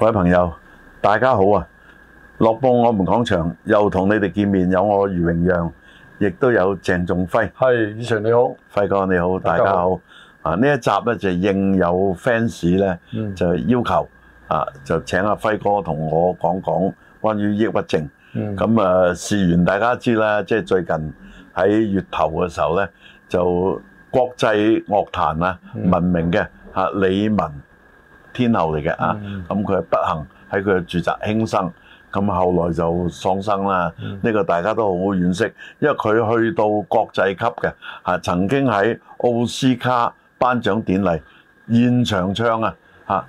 各位朋友，大家好啊！樂報我們講場又同你哋見面，有我余榮讓，亦都有鄭仲輝。係，以常。你好，輝哥你好，大家好。啊，呢一集咧就應有 fans 咧、嗯、就要求啊，就請阿、啊、輝哥同我講講關於抑鬱症。咁、嗯、啊，事緣大家知啦，即係最近喺月頭嘅時候咧，就國際樂壇啊聞名嘅李玟。嗯天后嚟嘅啊，咁佢不幸喺佢嘅住宅輕生，咁後來就喪生啦。呢、嗯、個大家都好惋惜，因為佢去到國際級嘅啊，曾經喺奧斯卡頒獎典禮現場唱啊，吓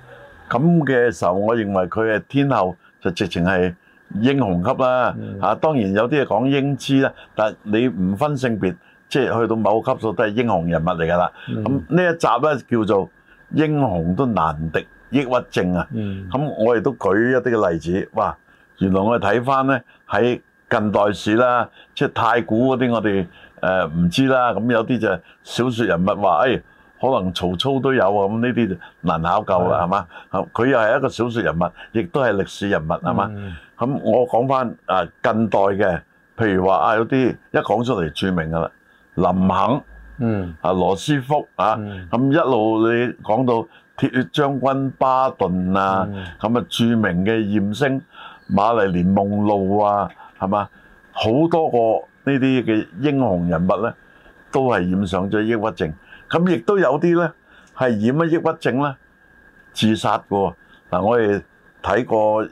咁嘅時候，我認為佢係天后就直情係英雄級啦。吓、嗯啊，當然有啲嘢講英姿啦，但係你唔分性別，即係去到某級數都係英雄人物嚟噶啦。咁呢、嗯啊、一集咧叫做英雄都難敵。抑鬱症啊，咁、嗯、我亦都舉一啲嘅例子。哇，原來我哋睇翻咧喺近代史啦，即係太古嗰啲我哋誒唔知啦。咁有啲就小説人物話，誒、哎、可能曹操都有啊。咁呢啲難考究啦，係嘛、啊？佢又係一個小説人物，亦都係歷史人物，係嘛、嗯？咁我講翻啊近代嘅，譬如話啊有啲一講出嚟著名噶啦，林肯，嗯，啊羅斯福啊，咁、嗯啊、一路你講到，鐵血將軍巴頓啊，咁啊著名嘅艷星瑪麗蓮夢露啊，係嘛？好多個呢啲嘅英雄人物咧，都係染上咗抑鬱症。咁亦都有啲咧係染咗抑鬱症咧自殺嘅喎。嗱，我哋睇過誒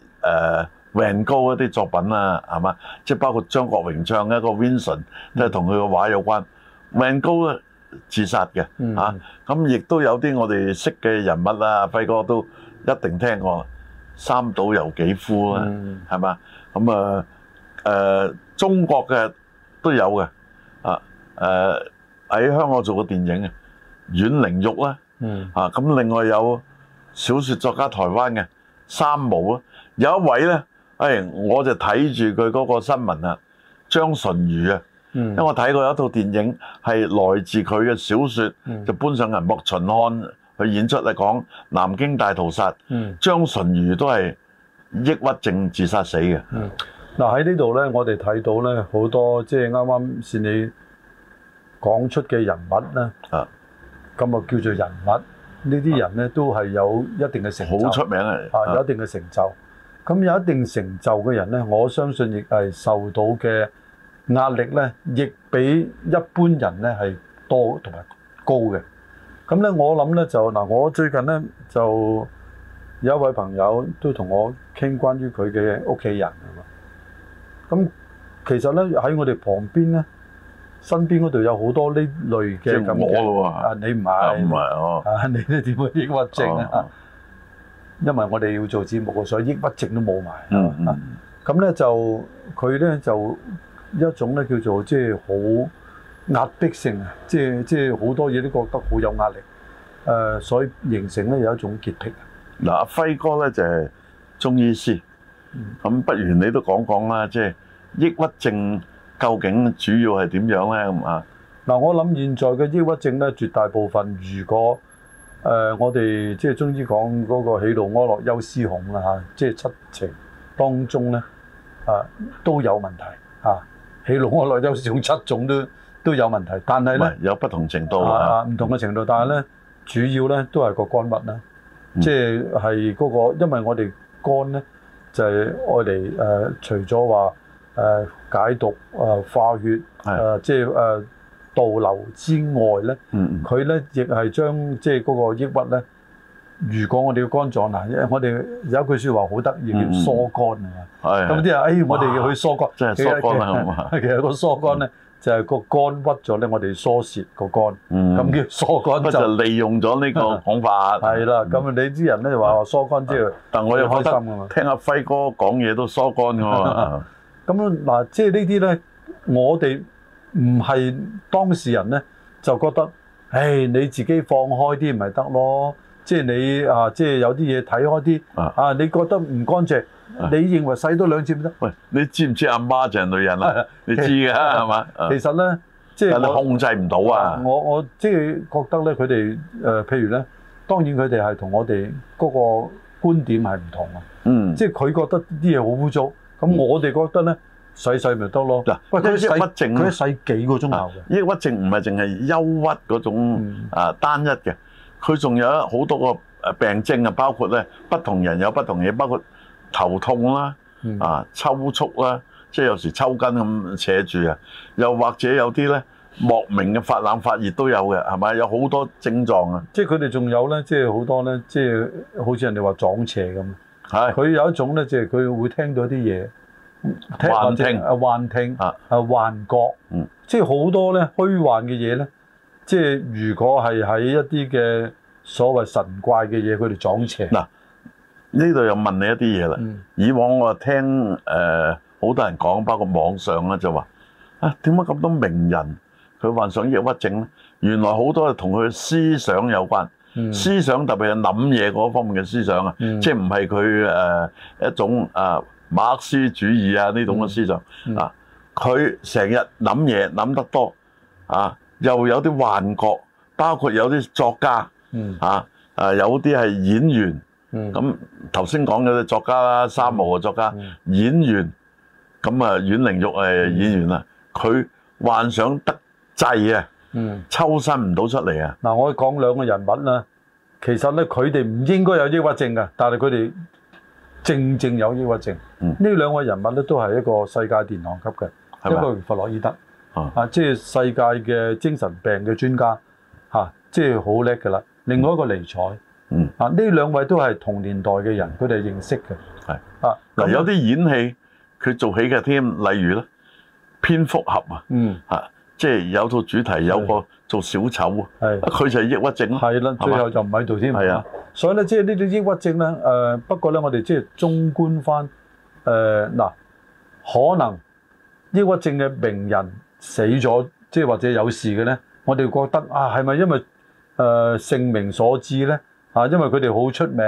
梵高嗰啲作品啊，係嘛？即係包括張國榮唱嘅嗰個《Vincent》，都係同佢嘅畫有關。梵高啊～自殺嘅嚇，咁亦都有啲我哋識嘅人物啊，輝哥都一定聽過三島由紀夫啦，係嘛？咁啊誒，中國嘅都有嘅啊誒，喺香港做過電影嘅阮玲玉啦，嚇，咁另外有小説，作家台灣嘅三毛啊，有一位咧誒，我就睇住佢嗰個新聞啦，張純如啊。嗯、因為我睇過有一套電影係來自佢嘅小説，就搬上銀幕秦漢，去演出嚟講南京大屠殺，嗯、張純如都係抑鬱症自殺死嘅。嗱喺、嗯、呢度咧，我哋睇到咧好多即係啱啱先你講出嘅人物咧，咁啊的叫做人物這些人呢啲人咧都係有一定嘅成就，好出名嚟啊有一定嘅成就，咁有一定成就嘅人咧，我相信亦係受到嘅。壓力咧，亦比一般人咧係多同埋高嘅。咁咧，我諗咧就嗱，我最近咧就有一位朋友都同我傾關於佢嘅屋企人啊嘛。咁其實咧喺我哋旁邊咧，身邊嗰度有好多呢類嘅感覺。即係我咯喎。啊，你唔係。啊，唔係哦。啊，你哋點會抑鬱症啊？因為我哋要做節目喎，所以抑鬱症都冇埋。嗯嗯嗯。咁咧就佢咧就。一種咧叫做即係好壓迫性啊！即係即係好多嘢都覺得好有壓力，誒、呃，所以形成咧有一種潔癖。嗱、啊，輝哥咧就係、是、中醫師，咁不如你都講講啦，即係抑鬱症究竟主要係點樣咧？咁、嗯、啊，嗱，我諗現在嘅抑鬱症咧絕大部分如果誒、呃、我哋即係中醫講嗰個起落安樂優思恐喜怒哀樂憂思恐啦嚇，即係七情當中咧啊都有問題嚇。啊你攞內周氏用七種都都有問題，但係咧有不同程度啊，唔同嘅程度，但係咧主要咧都係個肝鬱啦，即係係嗰個，因為我哋肝咧就係用嚟誒，除咗話誒解毒、誒化血、誒即係誒導流之外咧，佢咧亦係將即係嗰個抑鬱咧。如果我哋嘅肝臟嗱，因我哋有一句説話好得意，叫疏肝啊嘛。咁啲人哎，我哋要去疏肝。真係疏肝啦，係嘛？其實個疏肝咧，就係個肝鬱咗咧，我哋疏泄個肝。咁叫疏肝。就利用咗呢個講法。係啦，咁你啲人咧就話疏肝之類。但我又開心啊嘛。聽阿輝哥講嘢都疏肝㗎嘛。咁嗱，即係呢啲咧，我哋唔係當事人咧，就覺得，誒，你自己放開啲咪得咯。即係你啊！即係有啲嘢睇開啲啊！你覺得唔乾淨，你認為洗多兩次唔得？喂，你知唔知阿媽就係女人啦？你知㗎係嘛？其實咧，即係控制唔到啊！我我即係覺得咧，佢哋誒，譬如咧，當然佢哋係同我哋嗰個觀點係唔同啊！嗯，即係佢覺得啲嘢好污糟，咁我哋覺得咧，洗洗咪得咯。嗱，喂，佢啲抑鬱症，佢洗幾個鐘頭嘅？抑鬱症唔係淨係憂鬱嗰種啊，單一嘅。佢仲有好多個病症啊，包括咧不同人有不同嘢，包括頭痛啦，嗯、啊抽搐啦，即係有時抽筋咁扯住啊，又或者有啲咧莫名嘅發冷發熱都有嘅，係咪？有好多症狀啊！即係佢哋仲有咧，即係好多咧，即係好似人哋話撞邪咁。係。佢有一種咧，即係佢會聽到啲嘢聽幻聽啊，幻聽啊，幻覺，嗯即，即係好多咧虛幻嘅嘢咧。即係如果係喺一啲嘅所謂神怪嘅嘢，佢哋撞邪。嗱呢度又問你一啲嘢啦。嗯、以往我聽誒好、呃、多人講，包括網上咧就話：啊點解咁多名人佢患上抑鬱症咧？原來好多係同佢思想有關。嗯、思想特別係諗嘢嗰方面嘅思想、嗯不是他呃、啊，即係唔係佢誒一種啊馬克思主義啊呢種嘅思想、嗯嗯、啊？佢成日諗嘢諗得多啊！又有啲幻覺，包括有啲作家，嗯，嚇，啊，有啲係演員，嗯，咁頭先講嘅作家啦，三毛嘅作家，作家嗯、演員，咁啊，阮玲玉係演員啊，佢、嗯、幻想得滯啊，嗯，抽身唔到出嚟啊。嗱、嗯，我講兩個人物啦，其實咧佢哋唔應該有抑鬱症嘅，但係佢哋正正有抑鬱症。呢、嗯、兩個人物咧都係一個世界殿堂級嘅，吧一個弗洛伊德。啊！即、就、係、是、世界嘅精神病嘅專家，吓、啊，即係好叻噶啦。另外一個尼采，嗯，啊，呢、嗯、兩位都係同年代嘅人，佢哋係認識嘅，係是啊。嗱，有啲演戲佢做起嘅添，例如咧蝙蝠俠、嗯、啊，嗯，吓，即係有套主題是有個做小丑，係佢是就係抑鬱症，係啦的，吧最後就唔喺度添，係啊的。所以咧，即、就、係、是、呢啲抑鬱症咧，誒、呃，不過咧，我哋即係中觀翻，誒、呃，嗱，可能抑鬱症嘅名人。死咗即係或者有事嘅呢，我哋覺得啊，係咪因為誒、呃、姓名所致呢？啊，因為佢哋好出名，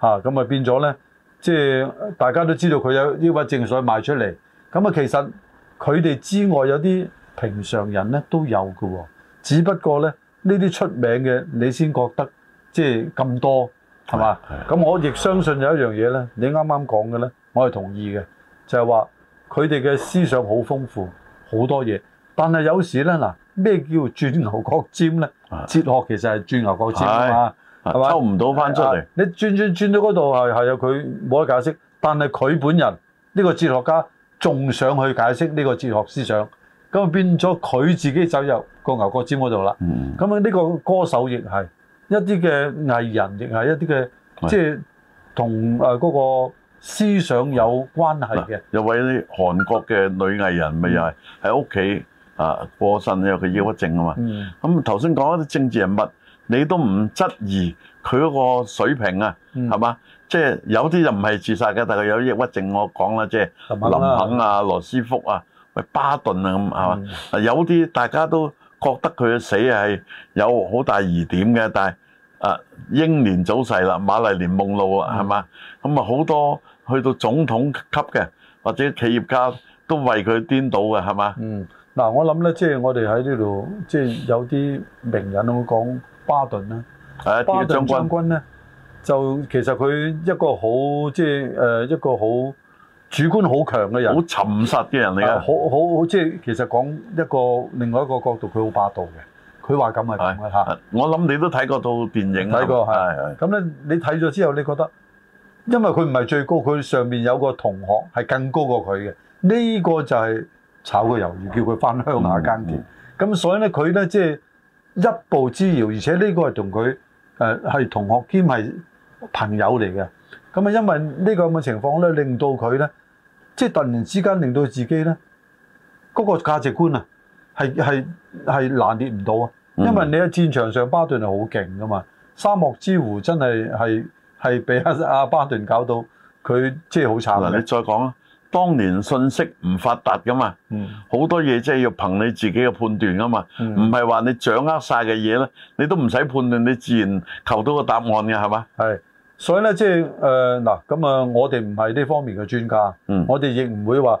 嚇咁啊就變咗呢。即係大家都知道佢有呢骨正所賣出嚟。咁啊，其實佢哋之外有啲平常人呢都有㗎喎，哦，只不過呢呢啲出名嘅你先覺得即係咁多係嘛？咁我亦相信有一樣嘢呢，你啱啱講嘅呢，我係同意嘅，就係話佢哋嘅思想好豐富。好多嘢，但係有時咧嗱，咩叫轉牛角尖咧？哲學其實係轉牛角尖啊嘛，係咪？抽唔到翻出嚟，你轉轉轉到嗰度係係有佢冇得解釋，但係佢本人呢個哲學家仲想去解釋呢個哲學思想，咁變咗佢自己走入個牛角尖嗰度啦。咁啊呢個歌手亦係一啲嘅藝人，亦係一啲嘅即係同嗰個。思想有關係嘅、嗯，有位啲韓國嘅女藝人咪又係喺屋企啊過身，有佢抑鬱症、嗯、啊嘛。咁頭先講啲政治人物，你都唔質疑佢嗰個水平啊，係嘛、嗯？即係有啲就唔係自殺嘅，但係有啲抑鬱症，我講啦，即係林肯啊、嗯、羅斯福啊、喂巴頓啊咁，係嘛？有啲大家都覺得佢嘅死係有好大疑點嘅，但係。啊！英年早逝啦，馬麗蓮夢露啊，係嘛？咁啊、嗯，好多去到總統級嘅，或者企業家都為佢顛倒嘅，係嘛？嗯，嗱，我諗咧，即係我哋喺呢度，即係有啲名人，我講巴頓啦，啊、巴頓將軍咧，就其實佢一個好即係誒、呃，一個好主觀好強嘅人，好沉實嘅人嚟嘅，好好、啊、即係其實講一個另外一個角度，佢好霸道嘅。佢話咁咪咁嘅嚇，我諗你都睇過套電影，睇過係係，咁咧你睇咗之後，你覺得因為佢唔係最高，佢上面有個同學係更高過佢嘅，呢個就係炒佢魷魚，叫佢翻鄉下耕田。咁所以咧，佢咧即係一步之遙，而且呢個係同佢誒係同學兼係朋友嚟嘅。咁啊，因為呢個咁嘅情況咧，令到佢咧即係突然之間令到自己咧嗰個價值觀啊！係係係攔截唔到啊！因為你喺戰場上，巴頓係好勁噶嘛。沙漠之狐真係係係俾阿阿巴頓搞到佢即係好慘。嗱，你再講啦，當年信息唔發達噶嘛，嗯、好多嘢即係要憑你自己嘅判斷噶嘛，唔係話你掌握晒嘅嘢咧，你都唔使判斷，你自然求到個答案嘅係嘛？係，所以咧即係誒嗱咁啊！呃、我哋唔係呢方面嘅專家，嗯、我哋亦唔會話。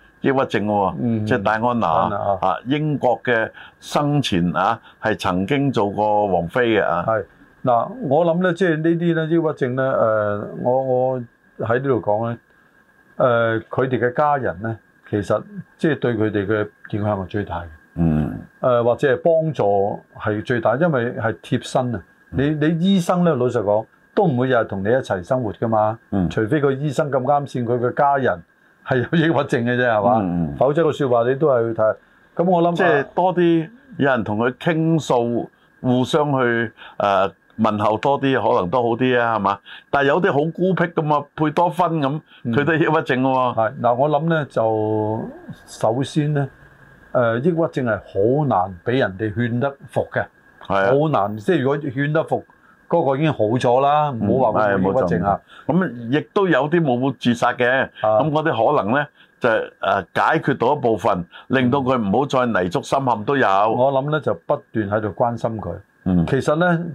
抑鬱症喎，嗯、即係戴安娜啊！娜英國嘅生前啊，係曾經做過王妃嘅啊。係嗱，我諗咧，即係呢啲咧抑鬱症咧，誒，我我喺呢度講咧，誒，佢哋嘅家人咧，其實即係對佢哋嘅影響係最大嘅。嗯。誒，或者係幫助係最大，因為係貼身啊！你你醫生咧，老實講，都唔會日日同你一齊生活㗎嘛。嗯。除非個醫生咁啱先，佢嘅家人。係有抑鬱症嘅啫，係嘛？嗯、否則個説話你都係去睇。咁我諗即係多啲有人同佢傾訴，互相去誒、呃、問候多啲，可能都好啲啊，係嘛？但係有啲好孤僻嘅嘛，貝多芬咁，佢都係抑鬱症喎。係嗱、嗯，我諗咧就首先咧誒、呃，抑鬱症係好難俾人哋勸得服嘅，好、啊、難。即係如果勸得服。嗰個已經好咗啦，唔好話佢係抑鬱症啊。咁亦、嗯哎、都有啲冇自殺嘅，咁嗰啲可能咧就解決到一部分，令到佢唔好再泥足深陷都有。我諗咧就不斷喺度關心佢。嗯，其實咧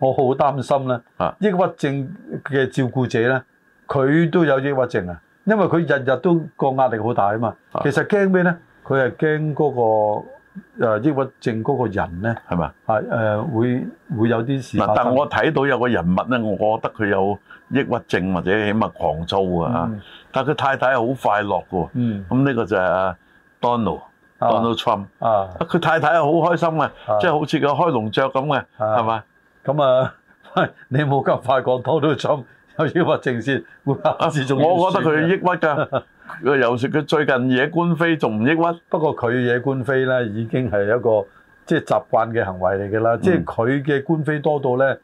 我好擔心咧，的抑鬱症嘅照顧者咧，佢都有抑鬱症啊，因為佢日日都個壓力好大啊嘛。的其實驚咩咧？佢係驚嗰個。誒、呃，抑鬱症嗰個人咧，係咪吧？係誒、啊呃，會會有啲事。但係我睇到有個人物咧，我覺得佢有抑鬱症或者起碼狂躁、嗯、啊。但係佢太太係好快樂噶。嗯。咁呢個就係阿、啊、Donald、啊、Donald Trump 啊，佢太太係好開心嘅，即係、啊、好似個開籠雀咁嘅，係咪、啊？咁吧啊，你冇咁快講 Donald Trump 有抑鬱症先，會我我覺得佢抑鬱噶。 佢又說佢最近惹官非仲唔抑鬱？不過佢惹官非咧，已經係一個即係、就是、習慣嘅行為嚟嘅啦。即係佢嘅官非多到咧，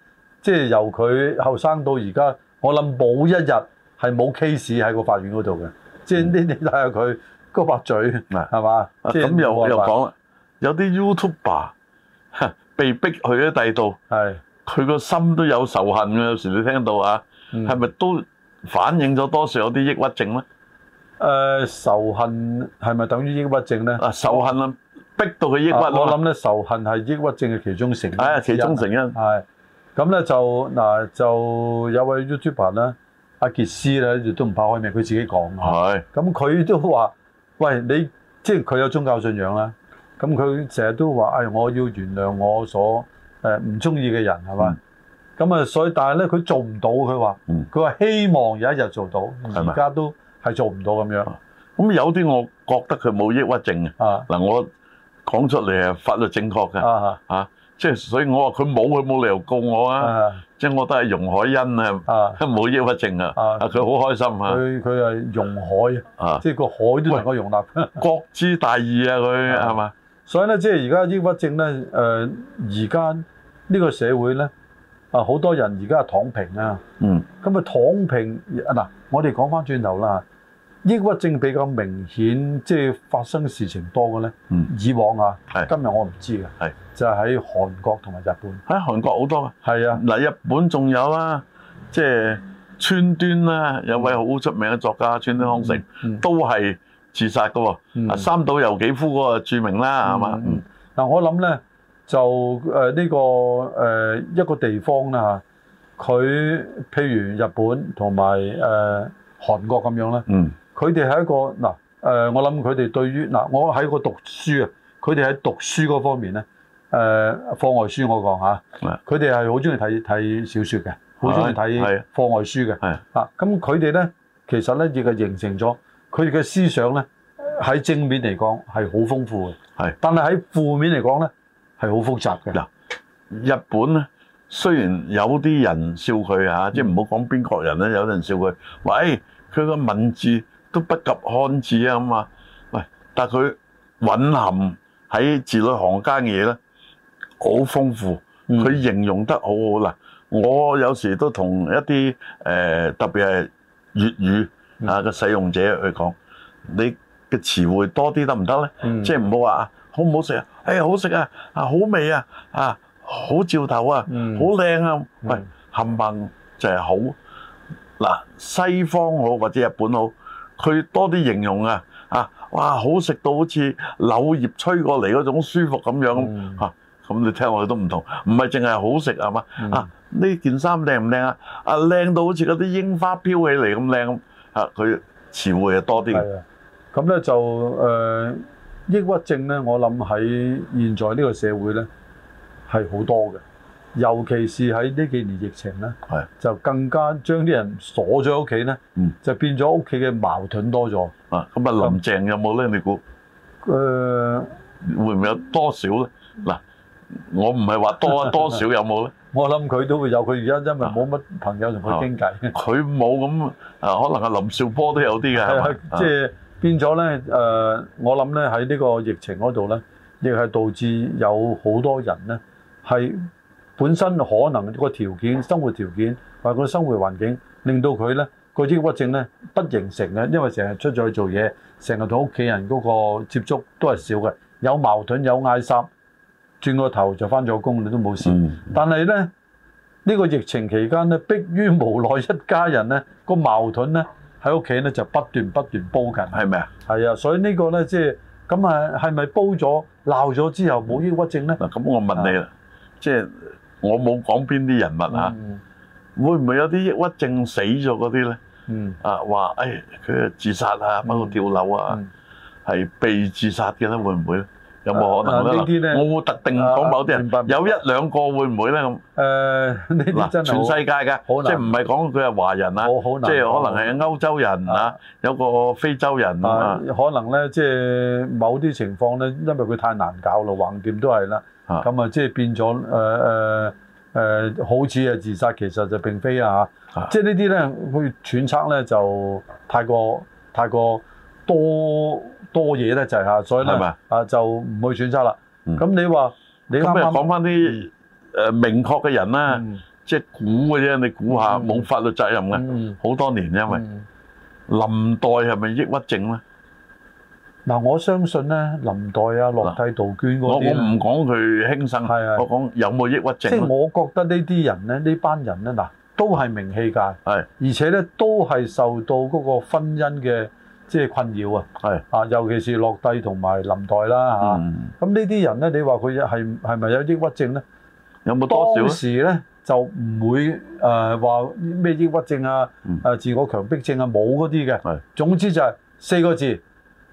即係由佢後生到而家，我諗冇一日係冇 case 喺個法院嗰度嘅。嗯、即係呢啲睇下佢嗰把嘴，係嘛？咁又又講啦，有啲 YouTuber 啊，被逼去咗第度，係佢是個心都有仇恨嘅。有時候你聽到啊，係咪、嗯、都反映咗多數有啲抑鬱症咧？誒、呃、仇恨係咪等於抑鬱症咧？啊，仇恨啊，逼到佢抑鬱、啊啊。我諗咧，仇恨係抑鬱症嘅其中成因、啊。係啊、哎，其中成因係。咁咧就嗱，就有位 YouTuber 啦，阿、啊、傑斯咧亦都唔怕開名，佢自己講啊。咁佢是是都話，喂，你即係佢有宗教信仰啦、啊。咁佢成日都話，誒、哎，我要原諒我所誒唔中意嘅人，係嘛？咁啊、嗯，所以但係咧，佢做唔到。佢話、佢話、嗯、希望有一日做到，而家都。係做唔到咁樣，咁有啲我覺得佢冇抑鬱症嘅。嗱，我講出嚟係法律正確嘅。啊，即係所以，我話佢冇，佢冇理由告我啊。即係我都係容海恩啊，冇抑鬱症啊。佢好開心啊。佢佢係容海啊，即係個海都能夠容納。國之大義啊，佢係嘛？所以咧，即係而家抑鬱症咧，誒，而家呢個社會咧，啊，好多人而家係躺平啊。嗯。咁啊，躺平啊嗱，我哋講翻轉頭啦。抑鬱症比較明顯，即係發生事情多嘅咧。以往啊，今日我唔知嘅，就喺韓國同埋日本。喺韓國好多啊，係啊。嗱，日本仲有啦，即係川端啦，有位好出名嘅作家川端康成，都係自殺嘅喎。啊，三島由紀夫嗰個著名啦，係嘛？嗱，我諗咧就誒呢個誒一個地方啦嚇，佢譬如日本同埋誒韓國咁樣咧。佢哋係一個嗱、呃，我諗佢哋對於嗱、呃，我喺個讀書啊，佢哋喺讀書嗰方面咧，誒、呃，課外書我講嚇，佢哋係好中意睇睇小說嘅，好中意睇課外書嘅，啊，咁佢哋咧，其實咧亦係形成咗佢哋嘅思想咧，喺正面嚟講係好豐富嘅，係，但係喺負面嚟講咧係好複雜嘅。嗱，日本咧雖然有啲人笑佢啊，即係唔好講邊國人咧，有啲人笑佢喂，佢個文字，都不及漢字啊嘛，喂！但佢蘊含喺字裏行間嘅嘢咧，好豐富。佢形容得很好好嗱，嗯、我有時都同一啲誒、呃，特別係粵語啊嘅使用者去講，嗯、你嘅詞彙多啲得唔得咧？嗯、即係唔好話啊、哎，好唔好食啊？誒，好食啊！啊，好味啊！啊，好照頭啊！好靚啊！喂，冚唪唥就係好嗱、呃，西方好或者日本好。佢多啲形容啊，啊，哇，好食到好似柳葉吹過嚟嗰種舒服咁樣，嚇、嗯，咁、啊、你聽我哋都唔同，唔係淨係好食係嘛，嗯、啊，呢件衫靚唔靚啊？啊，靚到好似嗰啲櫻花飄起嚟咁靚咁，嚇、啊，佢詞彙又多啲咁咧就誒、呃，抑鬱症咧，我諗喺現在呢個社會咧係好多嘅。尤其是喺呢幾年疫情咧，的就更加將啲人鎖咗屋企咧，嗯、就變咗屋企嘅矛盾多咗。咁啊，林鄭有冇咧？啊、你估誒、呃、會唔會有多少咧？嗱、啊，我唔係話多多少有冇咧？ 我諗佢都會有，佢而家因為冇乜朋友同佢傾偈。佢冇咁啊，可能阿林兆波都有啲嘅，係嘛？即係變咗咧誒，我諗咧喺呢個疫情嗰度咧，亦係導致有好多人咧係。本身可能個條件、生活條件或者個生活環境令到佢呢個抑鬱症呢不形成嘅，因為成日出咗去做嘢，成日同屋企人嗰個接觸都係少嘅。有矛盾有嗌霎，轉個頭就翻咗工，你都冇事。但係呢呢個疫情期間呢，迫於無奈，一家人呢個矛盾呢喺屋企呢就不斷不斷煲緊，係咪啊？係啊，所以呢個呢，即係咁啊，係咪煲咗鬧咗之後冇抑鬱症呢？嗱，咁我問你啦，係嘅，即係。我冇講邊啲人物啊，會唔會有啲抑鬱症死咗嗰啲咧？啊話誒，佢自殺啊，包括跳樓啊，係被自殺嘅咧？會唔會咧？有冇可能咧？我冇特定講某啲人，有一兩個會唔會咧咁？誒，呢啲真係全世界嘅，即係唔係講佢係華人啊？即係可能係歐洲人啊，有個非洲人啊，可能咧即係某啲情況咧，因為佢太難搞啦，橫掂都係啦。咁啊，即係變咗誒誒誒，好似係自殺，其實就並非啊！啊即係呢啲咧，佢揣測咧就太過太過多多嘢咧，就係嚇，所以咪啊就唔去揣測啦。咁、嗯、你話你咁咪講翻啲誒明確嘅人啦、啊，嗯、即係估嘅啫，你估下冇法律責任嘅。好、嗯、多年，因為、嗯、林代係咪抑鬱症咧？嗱，我相信咧，林黛啊、洛蒂、杜娟嗰啲，我我唔講佢輕生，我講有冇抑鬱症。即係我覺得呢啲人咧，呢班人咧，嗱，都係名氣界，係是，而且咧都係受到嗰個婚姻嘅即係困擾啊，係啊是，尤其是洛蒂同埋林黛啦嚇，咁呢啲人咧，你話佢係係咪有抑鬱症咧？有冇多少咧？當時咧就唔會誒話咩抑鬱症啊、誒、嗯、自我強迫症啊冇嗰啲嘅，係。是總之就係四個字。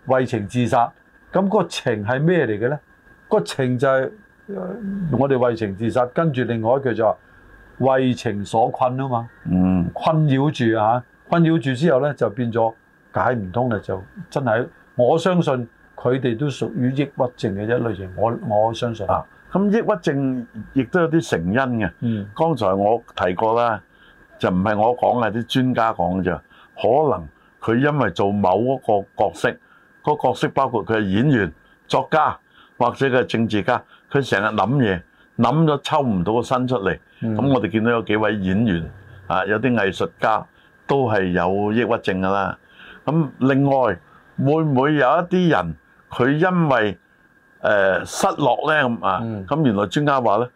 為情自殺，咁、個情係咩嚟嘅呢？個情就係我哋為情自殺，跟住另外一句就話為情所困啊嘛，嗯，困擾住啊，困擾住之後呢，就變咗解唔通啦，就真係我相信佢哋都屬於抑鬱症嘅一類型，我我相信啊。咁、啊、抑鬱症亦都有啲成因嘅，嗯，剛才我提過啦，就唔係我講嘅。啲專家講嘅啫，可能佢因為做某一個角色。個角色包括佢係演員、作家或者佢係政治家，佢成日諗嘢，諗咗抽唔到個身出嚟。咁我哋見到有幾位演員啊，有啲藝術家都係有抑鬱症㗎啦。咁另外會唔會有一啲人佢因為誒失落咧咁啊？咁原來專家話咧，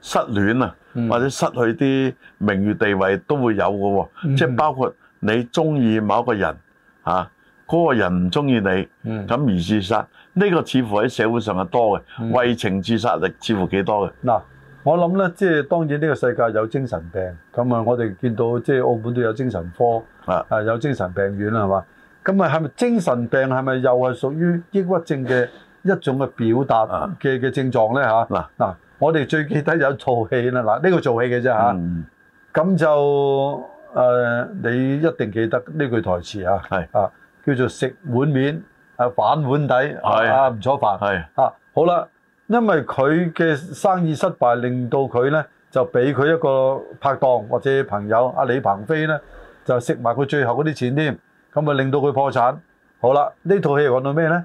失戀啊，或者失去啲名譽地位都會有㗎喎，即係包括你鍾意某一個人啊。嗰個人唔中意你，咁而自殺，呢、嗯、個似乎喺社會上係多嘅，為、嗯、情自殺力似乎幾多嘅。嗱，我諗咧，即係當然呢個世界有精神病，咁啊，我哋見到即係澳門都有精神科，啊，啊，有精神病院啦，係嘛？咁啊，係咪精神病係咪又係屬於抑鬱症嘅一種嘅表達嘅嘅、啊、症狀咧？吓、啊，嗱嗱，我哋最記得有套戲啦，嗱呢、呢個做戲嘅啫嚇，咁、啊嗯、就誒、呃、你一定記得呢句台詞是啊，係啊。叫做食碗面，啊反碗底，是啊唔錯飯，錯是啊好啦，因為佢嘅生意失敗，令到佢咧就俾佢一個拍檔或者朋友阿李鵬飛咧就食埋佢最後嗰啲錢添，咁啊令到佢破產。好啦，呢套戲講到咩咧？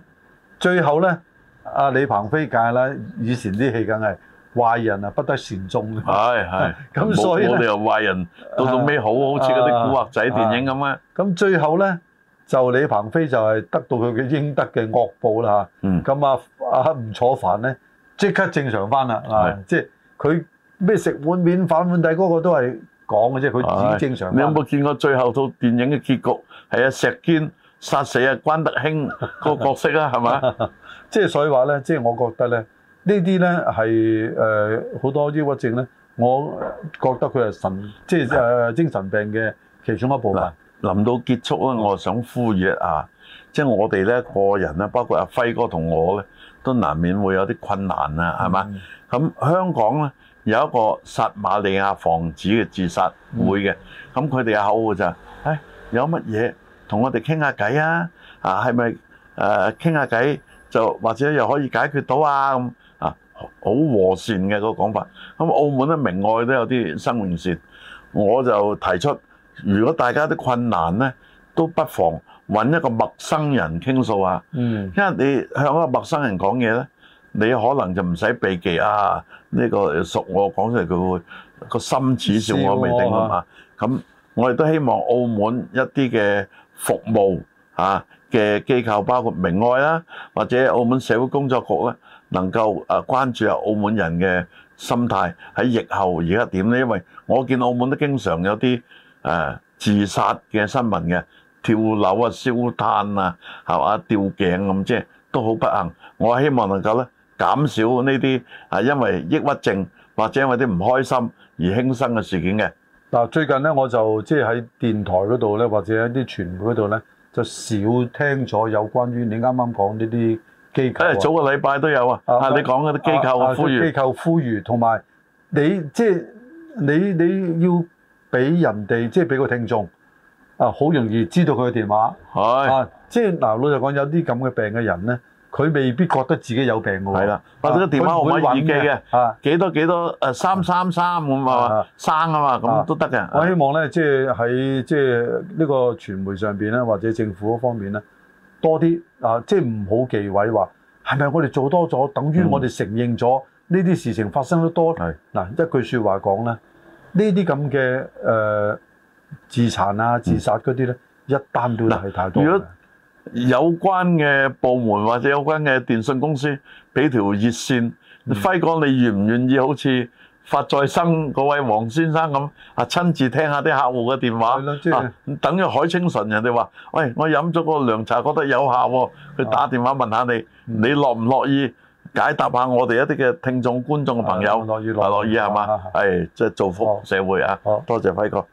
最後咧，阿李鵬飛梗係啦，以前啲戲梗係壞人啊，不得善終。係係。咁 所以我哋理由壞人 到到咩？好好似嗰啲古惑仔電影咁啊？咁、啊啊、最後咧？就李鵬飛就係得到佢嘅應得嘅惡報啦吓。咁、嗯、啊啊吳楚帆咧即刻正常翻啦是啊！即係佢咩食碗面反碗底嗰個都係講嘅啫，佢自己正常、哎。你有冇見過最後套電影嘅結局係阿、啊、石堅殺死呀、啊，關德興嗰個角色呀，係咪？即係所以話咧，即、就、係、是、我覺得咧，呢啲咧係好多抑鬱症咧，我覺得佢係神即係、就是啊、精神病嘅其中一部分。臨到結束咧，我想呼籲啊，即、就、係、是、我哋咧個人咧，包括阿輝哥同我咧，都難免會有啲困難啊，係嘛？咁、嗯、香港咧有一個撒馬利亞防止嘅自殺會嘅，咁佢哋嘅口號就係、哎：，有乜嘢同我哋傾下偈啊？啊係咪誒傾下偈就或者又可以解決到啊？咁啊好和善嘅、那個講法。咁澳門咧明愛都有啲生命線，我就提出。如果大家啲困難呢，都不妨揾一個陌生人傾訴啊，因為你向一個陌生人講嘢呢，你可能就唔使避忌啊。呢個熟我講出嚟，佢會個心恥笑我未定啊嘛。咁我亦都希望澳門一啲嘅服務啊嘅機構，包括明愛啦，或者澳門社會工作局呢，能夠誒關注下澳門人嘅心態喺疫後而家點呢，因為我見澳門都經常有啲。誒自殺嘅新聞嘅，跳樓啊、燒炭啊，係嘛，吊頸咁，啊，即係都好不幸。我係希望能夠咧減少呢啲係因為抑鬱症或者因為啲唔開心而輕生嘅事件嘅。嗱，最近咧我就即係喺電台嗰度咧，或者啲傳媒嗰度咧，就少聽咗有關於你啱啱講呢啲機構誒，早個禮拜都有啊，的啊。啊，你講啲機構呼籲，機構呼籲同埋你即係你你要。俾人哋即係俾個聽眾啊，好容易知道佢嘅電話。係的啊，即係嗱，老實講，有啲咁嘅病嘅人咧，佢未必覺得自己有病㗎喎。係啦的，或者電話號碼耳機嘅，幾多幾多誒三三三咁啊，的啊生啊嘛，咁都得嘅。我希望咧，即係喺即係呢個傳媒上邊咧，或者政府嗰方面咧，多啲啊，即係唔好忌諱話係咪我哋做多咗，等於我哋承認咗呢啲事情發生得多。係嗱的、啊，一句説話講咧。呢啲咁嘅誒自殘啊、自殺嗰啲咧，嗯、一單都係太多。如果有關嘅部門或者有關嘅電信公司俾條熱線，嗯、輝哥你願唔願意好似發再生嗰位王先生咁啊，親自聽下啲客戶嘅電話、就係、啊，等於海清純人哋話：喂，我飲咗個涼茶覺得有效喎、啊，去打電話問下你，嗯、你樂唔樂意？解答下我們一些聽眾觀眾的朋友的樂意嘛？係、即係、造福社會啊，多謝輝哥。